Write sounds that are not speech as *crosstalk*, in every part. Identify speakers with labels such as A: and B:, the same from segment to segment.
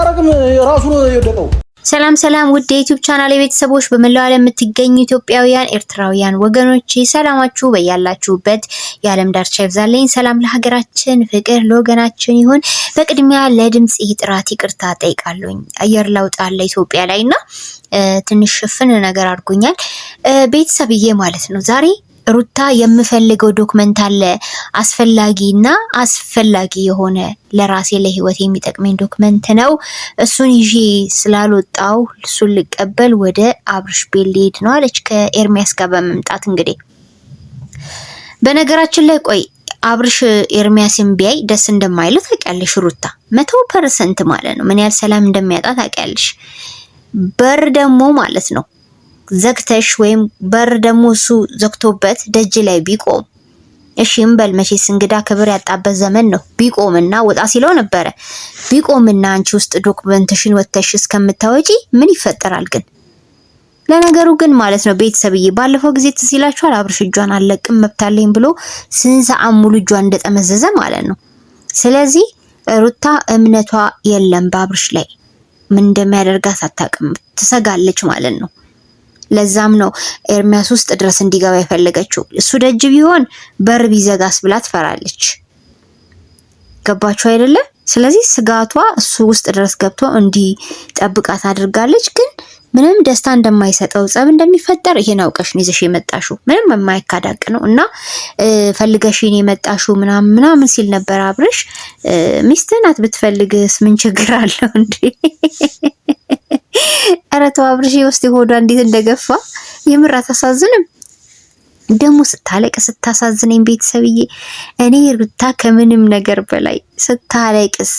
A: አላረግም። ራሱ ነው የወደቀው። ሰላም ሰላም፣ ውድ የዩቲዩብ ቻናል የቤተሰቦች በመላው ዓለም የምትገኙ ኢትዮጵያውያን ኤርትራውያን ወገኖች ሰላማችሁ በያላችሁበት የዓለም ዳርቻ ይብዛልኝ። ሰላም ለሀገራችን፣ ፍቅር ለወገናችን ይሁን። በቅድሚያ ለድምፅ ጥራት ይቅርታ ጠይቃለሁኝ። አየር ለውጥ አለ ኢትዮጵያ ላይ እና ትንሽ ሽፍን ነገር አድርጎኛል ቤተሰብዬ ማለት ነው ዛሬ ሩታ የምፈልገው ዶክመንት አለ አስፈላጊ እና አስፈላጊ የሆነ ለራሴ ለህይወት የሚጠቅመኝ ዶክመንት ነው። እሱን ይዤ ስላልወጣው እሱን ልቀበል ወደ አብርሽ ቤት ልሄድ ነው አለች ከኤርሚያስ ጋር በመምጣት እንግዲህ በነገራችን ላይ ቆይ አብርሽ ኤርሚያስን ቢያይ ደስ እንደማይለው ታውቂያለሽ ሩታ መቶ ፐርሰንት ማለት ነው። ምን ያህል ሰላም እንደሚያጣ ታውቂያለሽ። በር ደግሞ ማለት ነው ዘግተሽ ወይም በር ደግሞ እሱ ዘግቶበት ደጅ ላይ ቢቆም እሺም እንበል። መቼስ እንግዳ ክብር ያጣበት ዘመን ነው። ቢቆምና ወጣ ሲለው ነበረ። ቢቆምና አንቺ ውስጥ ዶክመንትሽን ወተሽ እስከምታወጪ ምን ይፈጠራል ግን? ለነገሩ ግን ማለት ነው ቤተሰብዬ፣ ባለፈው ጊዜ ትዝ ይላችኋል አብርሽ እጇን አለቅም መብታለኝ ብሎ ስንት ሰዓት ሙሉ እጇን እንደጠመዘዘ ማለት ነው። ስለዚህ ሩታ እምነቷ የለም በአብርሽ ላይ ምን እንደሚያደርጋት አታውቅም፣ ትሰጋለች ማለት ነው። ለዛም ነው ኤርሚያስ ውስጥ ድረስ እንዲገባ የፈለገችው። እሱ ደጅ ቢሆን በር ቢዘጋስ ብላ ትፈራለች። ገባችሁ አይደለ? ስለዚህ ስጋቷ እሱ ውስጥ ድረስ ገብቶ እንዲጠብቃት አድርጋለች። ግን ምንም ደስታ እንደማይሰጠው ጸብ እንደሚፈጠር ይሄን አውቀሽ ነው ይዘሽ የመጣሽው። ምንም የማይካዳቅ ነው እና ፈልገሽን የመጣሽው ምናምን ምናምን ሲል ነበር አብርሽ። ሚስትህ ናት ብትፈልግስ ምን ችግር አለው እንዴ? *laughs* ኧረ ተው አብርሽ ውስጥ ሆዷ እንዴት እንደገፋ የምር አታሳዝንም? ደግሞ ስታለቅ ስታሳዝነኝ ቤተሰብዬ። እኔ ሩታ ከምንም ነገር በላይ ስታለቅስ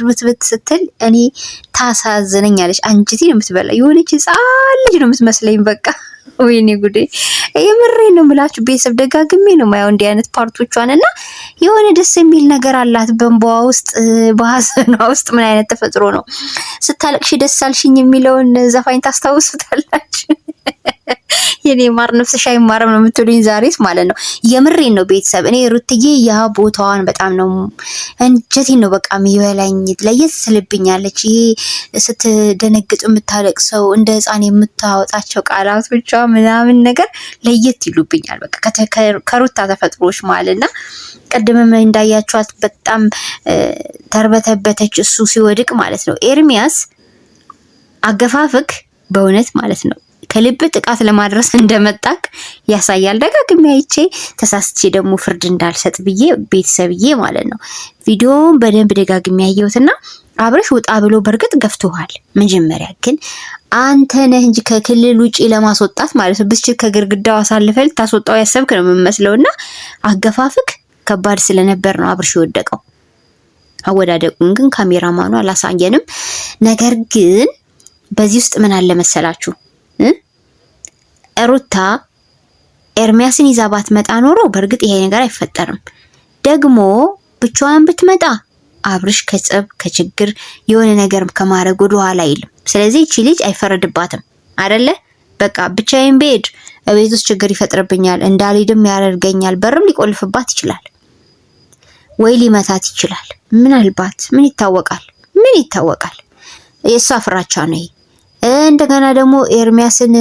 A: ርብትብት ስትል እኔ ታሳዝነኝ አለች። አንቺ ነው የምትበላ የሆነች ህፃን ልጅ ነው የምትመስለኝ በቃ ወይኔ ጉዴ! የምሬ ነው ምላችሁ ቤተሰብ ደጋግሜ ነው ማየው እንዲህ አይነት ፓርቶቿን እና የሆነ ደስ የሚል ነገር አላት። በእንባዋ ውስጥ በሀዘኗ ውስጥ ምን አይነት ተፈጥሮ ነው ስታለቅሽ ደስ አልሽኝ የሚለውን ዘፋኝ ታስታውሱታላችሁ? የኔ ማር ነፍስሽ አይማርም ነው የምትሉኝ፣ ዛሬስ ማለት ነው። የምሬን ነው ቤተሰብ። እኔ ሩትዬ ያ ቦታዋን በጣም ነው እንጀቴን ነው በቃ የሚበላኝ። ለየት ትልብኛለች። ይሄ ስትደነግጥ የምታለቅሰው እንደ ሕፃን የምታወጣቸው ቃላቶቿ ምናምን ነገር ለየት ይሉብኛል። በቃ ከሩታ ተፈጥሮች ማለት ና ቀድምም እንዳያችኋት በጣም ተርበተበተች፣ እሱ ሲወድቅ ማለት ነው። ኤርሚያስ አገፋፍክ በእውነት ማለት ነው ከልብ ጥቃት ለማድረስ እንደመጣክ ያሳያል። ደጋግሜ አይቼ ተሳስቼ ደግሞ ፍርድ እንዳልሰጥ ብዬ ቤተሰብዬ ማለት ነው ቪዲዮውን በደንብ ደጋግሜ ያየሁትና አብረሽ ውጣ ብሎ በእርግጥ ገፍቶሃል። መጀመሪያ ግን አንተ ነህ እንጂ ከክልል ውጪ ለማስወጣት ማለት ነው ብስጭት ከግርግዳው አሳልፈህ ልታስወጣው ያሰብክ ነው እና አገፋፍክ ከባድ ስለነበር ነው አብርሽ የወደቀው። አወዳደቁን ግን ካሜራማኑ አላሳየንም። ነገር ግን በዚህ ውስጥ ምን አለ መሰላችሁ ሩታ ኤርሚያስን ይዛ ባትመጣ ኖሮ በእርግጥ ይሄ ነገር አይፈጠርም። ደግሞ ብቻዋን ብትመጣ አብርሽ ከጸብ ከችግር የሆነ ነገር ከማድረግ ወደ ኋላ አይልም። ስለዚህ እቺ ልጅ አይፈረድባትም አደለ? በቃ ብቻዬን ብሄድ እቤት ውስጥ ችግር ይፈጥርብኛል፣ እንዳልሄድም ያደርገኛል፣ በርም ሊቆልፍባት ይችላል ወይ ሊመታት ይችላል። ምናልባት ምን ይታወቃል? ምን ይታወቃል? የእሷ ፍራቻ ነው ይሄ። እንደገና ደግሞ ኤርሚያስን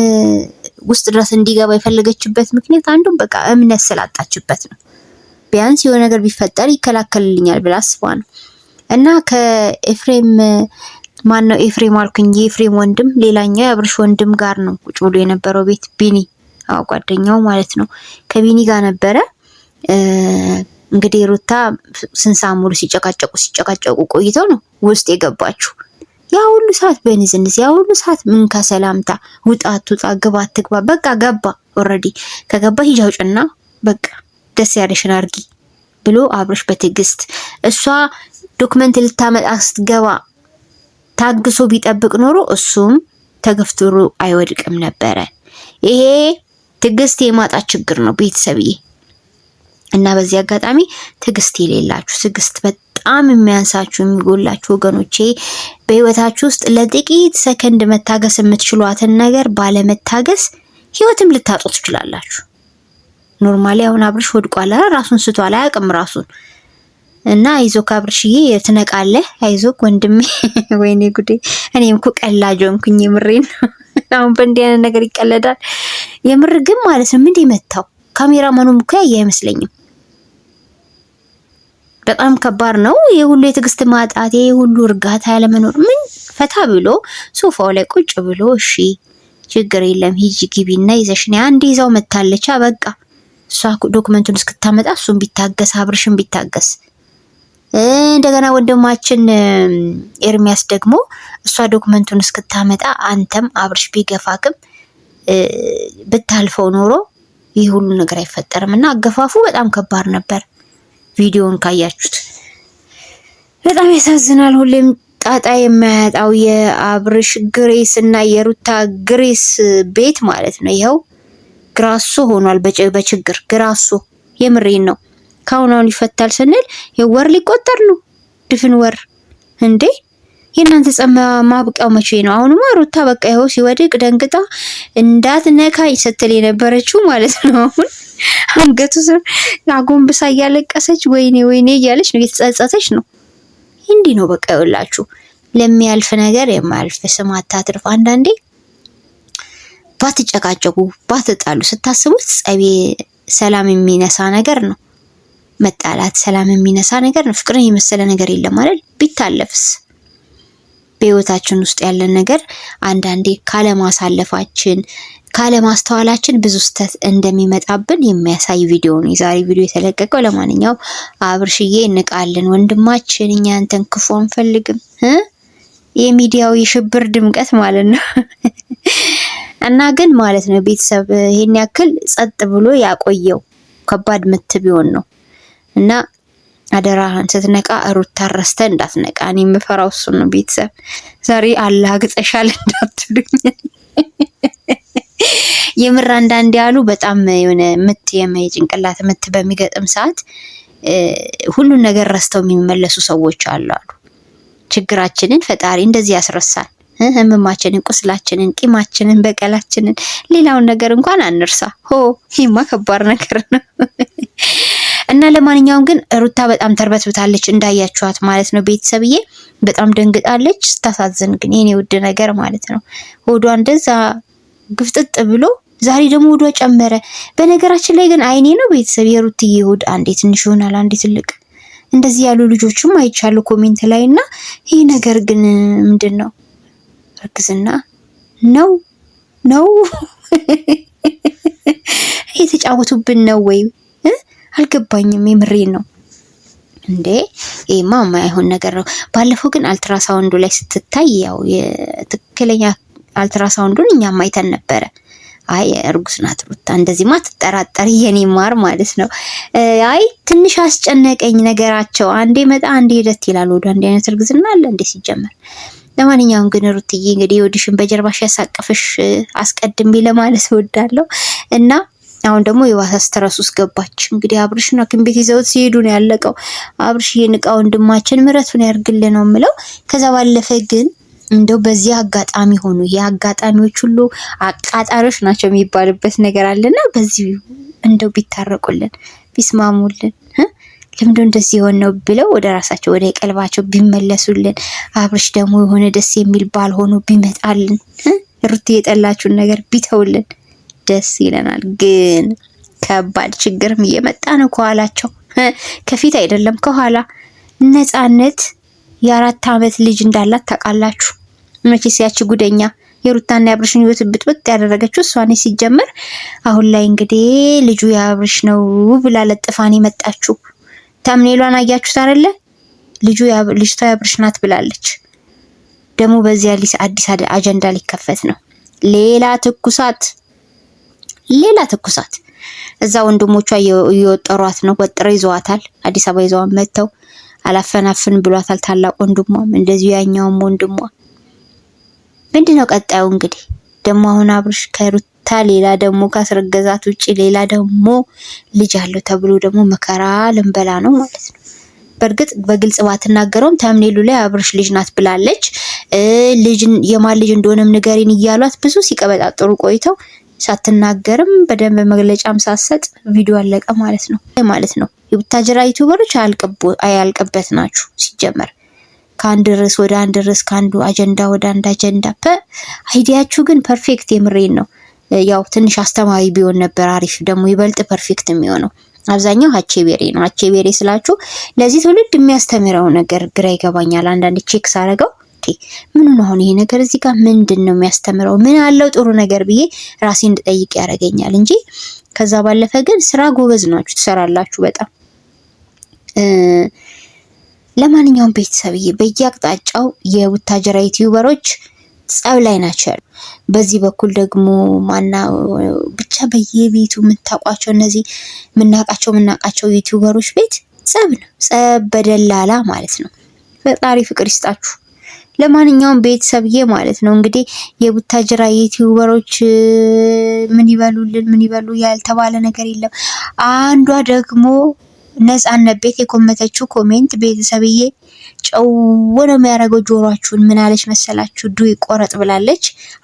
A: ውስጥ ድረስ እንዲገባ የፈለገችበት ምክንያት አንዱም በቃ እምነት ስላጣችበት ነው። ቢያንስ የሆነ ነገር ቢፈጠር ይከላከልልኛል ብላ አስባ ነው። እና ከኤፍሬም ማን ነው ኤፍሬም አልኩኝ፣ የኤፍሬም ወንድም ሌላኛው የአብርሽ ወንድም ጋር ነው ቁጭ ብሎ የነበረው ቤት ቢኒ፣ ጓደኛው ማለት ነው። ከቢኒ ጋር ነበረ እንግዲህ ሩታ ስንሳሙሉ ሙሉ ሲጨቃጨቁ ሲጨቃጨቁ ቆይተው ነው ውስጥ የገባችሁ። ያ ሁሉ ሰዓት በንዝንዝ ያ ሁሉ ሰዓት ምን ከሰላምታ ውጣ አትውጣ ግባ አትግባ በቃ ገባ ኦልሬዲ ከገባ ሂጂ አውጭና በቃ ደስ ያለሽን አርጊ ብሎ አብርሽ በትዕግስት እሷ ዶክመንት ልታመጣ ስትገባ ታግሶ ቢጠብቅ ኖሮ እሱም ተገፍትሮ አይወድቅም ነበረ። ይሄ ትዕግስት የማጣት ችግር ነው ቤተሰብዬ። እና በዚህ አጋጣሚ ትዕግስት የሌላችሁ ትዕግስት በጣም የሚያንሳችሁ የሚጎላችሁ ወገኖቼ በህይወታችሁ ውስጥ ለጥቂት ሰከንድ መታገስ የምትችሏትን ነገር ባለመታገስ ህይወትም ልታጡ ትችላላችሁ። ኖርማሊ አሁን አብርሽ ወድቋል፣ ራሱን ስቷል፣ አያውቅም ራሱን እና አይዞክ አብርሽዬ ትነቃለህ፣ አይዞክ ወንድሜ። *laughs* ወይኔ ጉዴ! እኔም እኮ ቀላጅ ሆንኩኝ። የምሬን ነው። *laughs* አሁን በእንዲህ አይነት ነገር ይቀለዳል። የምር ግን ማለት ነው። ምንድን የመታው ካሜራማኑም እኮ ያየ አይመስለኝም። በጣም ከባድ ነው። የሁሉ የትዕግስት ማጣት፣ የሁሉ እርጋታ ያለመኖር ምን ፈታ ብሎ ሶፋው ላይ ቁጭ ብሎ እሺ ችግር የለም ሂጂ እና ይዘሽ ነይ አንድ ይዛው መታለች በቃ እሷ ዶክመንቱን እስክታመጣ እሱን ቢታገስ አብርሽን ቢታገስ እንደገና ወንድማችን ኤርሚያስ ደግሞ እሷ ዶክመንቱን እስክታመጣ አንተም አብርሽ ቢገፋክም ብታልፈው ኖሮ ይህ ሁሉ ነገር አይፈጠርም እና አገፋፉ በጣም ከባድ ነበር። ቪዲዮን ካያችሁት በጣም ያሳዝናል። ሁሌም ጣጣ የማያጣው የአብርሽ ግሬስ እና የሩታ ግሬስ ቤት ማለት ነው። ይኸው ግራሶ ሆኗል። በችግር ግራሶ የምሬን ነው። ካሁን አሁን ይፈታል ስንል የወር ሊቆጠር ነው። ድፍን ወር እንዴ! የእናንተ ጸማ ማብቂያው መቼ ነው? አሁንማ ሩታ በቃ ይኸው ሲወድቅ ደንግጣ እንዳትነካኝ ስትል የነበረችው ማለት ነው። አሁን አንገቱ ስር አጎንብሳ እያለቀሰች ወይኔ ወይኔ እያለች ነው፣ እየተጸጸተች ነው። እንዲህ ነው በቃ ይኸውላችሁ፣ ለሚያልፍ ነገር የማያልፍ ስም አታትርፍ። አንዳንዴ ባትጨቃጨቁ ባትጣሉ ስታስቡት ጸቤ ሰላም የሚነሳ ነገር ነው። መጣላት ሰላም የሚነሳ ነገር ነው። ፍቅርን የመሰለ ነገር የለም ቢታለፍስ በህይወታችን ውስጥ ያለን ነገር አንዳንዴ ካለማሳለፋችን ካለማስተዋላችን ብዙ ስህተት እንደሚመጣብን የሚያሳይ ቪዲዮ ነው የዛሬ ቪዲዮ የተለቀቀው። ለማንኛውም አብርሽዬ እንቃለን ወንድማችን፣ እኛ አንተን ክፉ አንፈልግም። የሚዲያው የሽብር ድምቀት ማለት ነው *laughs* እና ግን ማለት ነው ቤተሰብ ይሄን ያክል ጸጥ ብሎ ያቆየው ከባድ ምት ቢሆን ነው እና አደራህን ስትነቃ ሩታ ረስተ እንዳትነቃ። እኔ የምፈራው እሱን ነው። ቤተሰብ ዛሬ አላግጠሻል እንዳትሉኝ። የምር አንዳንድ ያሉ በጣም የሆነ ምት የመይ ጭንቅላት ምት በሚገጥም ሰዓት ሁሉን ነገር ረስተው የሚመለሱ ሰዎች አሉ አሉ። ችግራችንን ፈጣሪ እንደዚህ ያስረሳል። ህመማችንን፣ ቁስላችንን፣ ቂማችንን፣ በቀላችንን ሌላውን ነገር እንኳን አንርሳ። ሆ ይህማ ከባድ ነገር ነው። እና ለማንኛውም ግን ሩታ በጣም ተርበትብታለች እንዳያችኋት ማለት ነው ቤተሰብዬ። በጣም ደንግጣለች። ስታሳዝን ግን የኔ ውድ ነገር ማለት ነው ሆዷ እንደዛ ግፍጥጥ ብሎ ዛሬ ደግሞ ሆዷ ጨመረ። በነገራችን ላይ ግን አይኔ ነው ቤተሰብ የሩትዬ ሆድ አንዴ ትንሽ ይሆናል አንዴ ትልቅ እንደዚህ ያሉ ልጆችም አይቻሉ ኮሜንት ላይ እና ይህ ነገር ግን ምንድን ነው እርግዝና ነው ነው *laughs* የተጫወቱብን ነው ወይ አልገባኝም። የምሬን ነው እንዴ ይሄማ የማይሆን ነገር ነው። ባለፈው ግን አልትራሳውንዱ ላይ ስትታይ ያው የትክክለኛ አልትራሳውንዱን እኛም አይተን ነበረ። አይ እርጉዝ ናት ሩታ፣ እንደዚህማ ትጠራጠር የኔ ማር ማለት ነው። አይ ትንሽ አስጨነቀኝ ነገራቸው። አንዴ መጣ አንዴ ሄደት ይላል። ወደ አንድ አይነት እርግዝና አለ እንዴ ሲጀመር። ለማንኛውም ግን ሩትዬ እንግዲህ የወዲሽን በጀርባሽ ያሳቀፍሽ አስቀድሜ ለማለት እወዳለሁ እና አሁን ደግሞ የባሰ ስትረስ ውስጥ ገባች። እንግዲህ አብርሽን ሐኪም ቤት ይዘውት ሲሄዱ ነው ያለቀው። አብርሽ የንቃ ወንድማችን ምረቱን ያርግልን ነው የምለው። ከዛ ባለፈ ግን እንደው በዚህ አጋጣሚ ሆኑ አጋጣሚዎች ሁሉ አቃጣሪዎች ናቸው የሚባልበት ነገር አለና በዚህ እንደው ቢታረቁልን ቢስማሙልን ልምዶ እንደዚህ የሆን ነው ብለው ወደ ራሳቸው ወደ ቀልባቸው ቢመለሱልን፣ አብርሽ ደግሞ የሆነ ደስ የሚል ባል ሆኖ ቢመጣልን፣ ሩት የጠላችሁን ነገር ቢተውልን ደስ ይለናል። ግን ከባድ ችግርም እየመጣ ነው ከኋላቸው። ከፊት አይደለም ከኋላ። ነፃነት የአራት ዓመት ልጅ እንዳላት ታውቃላችሁ። መቼስ ያቺ ጉደኛ የሩታና የአብርሽን ህይወት ብጥብጥ ያደረገችው እሷኔ ሲጀመር፣ አሁን ላይ እንግዲህ ልጁ የአብርሽ ነው ብላ ለጥፋን የመጣችሁ ታምኔሏን አያችሁት አይደለ? ልጁ ልጅቷ የአብርሽ ናት ብላለች። ደግሞ በዚያ አዲስ አጀንዳ ሊከፈት ነው ሌላ ትኩሳት ሌላ ትኩሳት። እዛ ወንድሞቿ እየወጠሯት ነው፣ ወጥረው ይዘዋታል። አዲስ አበባ ይዘዋ መጥተው አላፈናፍን ብሏታል። ታላቅ ወንድሟም እንደዚሁ ያኛውም ወንድሟ ምንድን ነው ቀጣዩ? እንግዲህ ደግሞ አሁን አብርሽ ከሩታ ሌላ ደግሞ ካስረገዛት ውጭ ሌላ ደግሞ ልጅ አለው ተብሎ ደግሞ መከራ ልንበላ ነው ማለት ነው። በእርግጥ በግልጽ ባትናገረውም ተምኔሉ ላይ አብርሽ ልጅ ናት ብላለች። ልጅ የማን ልጅ እንደሆነም ንገሪን እያሏት ብዙ ሲቀበጣጥሩ ቆይተው ሳትናገርም በደንብ መግለጫም ሳትሰጥ ቪዲዮ አለቀ ማለት ነው ማለት ነው። የቡታጅራ ዩቱበሮች አያልቅበት ናችሁ ሲጀመር ከአንድ ርዕስ ወደ አንድ ርዕስ ከአንዱ አጀንዳ ወደ አንድ አጀንዳ። አይዲያችሁ ግን ፐርፌክት የምሬን ነው። ያው ትንሽ አስተማሪ ቢሆን ነበር አሪፍ፣ ደግሞ ይበልጥ ፐርፌክት የሚሆነው አብዛኛው ሀቼ ቤሬ ነው። ሀቼ ቤሬ ስላችሁ ለዚህ ትውልድ የሚያስተምረው ነገር ግራ ይገባኛል አንዳንድ ቼክ ሳረገው አውቄ ምኑን አሁን ይሄ ነገር እዚህ ጋር ምንድን ነው የሚያስተምረው? ምን አለው ጥሩ ነገር ብዬ ራሴ እንድጠይቅ ያደርገኛል እንጂ ከዛ ባለፈ ግን ስራ ጎበዝ ናችሁ፣ ትሰራላችሁ በጣም ለማንኛውም ቤተሰብዬ በየአቅጣጫው የቡታጀራ ዩቲዩበሮች ጸብ ላይ ናቸው በዚህ በኩል ደግሞ ማና ብቻ በየቤቱ የምታውቋቸው እነዚህ የምናውቃቸው የምናውቃቸው ዩቲዩበሮች ቤት ጸብ ነው፣ ጸብ በደላላ ማለት ነው። ፈጣሪ ፍቅር ይስጣችሁ። ለማንኛውም ቤተሰብዬ ማለት ነው እንግዲህ የቡታጅራ ዩቲዩበሮች ምን ይበሉልን ምን ይበሉ ያልተባለ ነገር የለም። አንዷ ደግሞ ነጻነት ቤት የኮመተችው ኮሜንት ቤተሰብዬ ጨው ነው የሚያደርገው ጆሯችሁን። ምን አለች መሰላችሁ? ዱ ይቆረጥ ብላለች።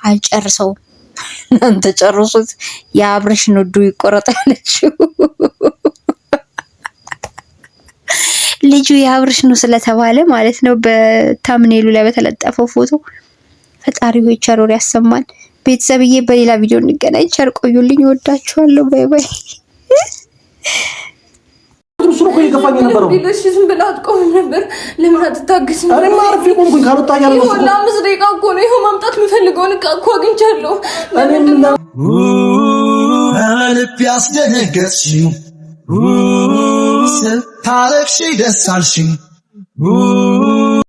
A: አልጨርሰውም *laughs* እናንተ ጨርሱት። የአብረሽ ነው ዱ ይቆረጥ ያለችው። *laughs* ልጁ የአብርሽ ነው ስለተባለ ማለት ነው በታምኔሉ ላይ በተለጠፈው ፎቶ። ፈጣሪ ሆይ ቸሮር ያሰማል። ቤተሰብዬ በሌላ ቪዲዮ እንገናኝ። ቸር ቆዩልኝ። ወዳችኋለሁ። ባይ ባይ። ማምጣት ካረግሽ ደስ አልሽኝ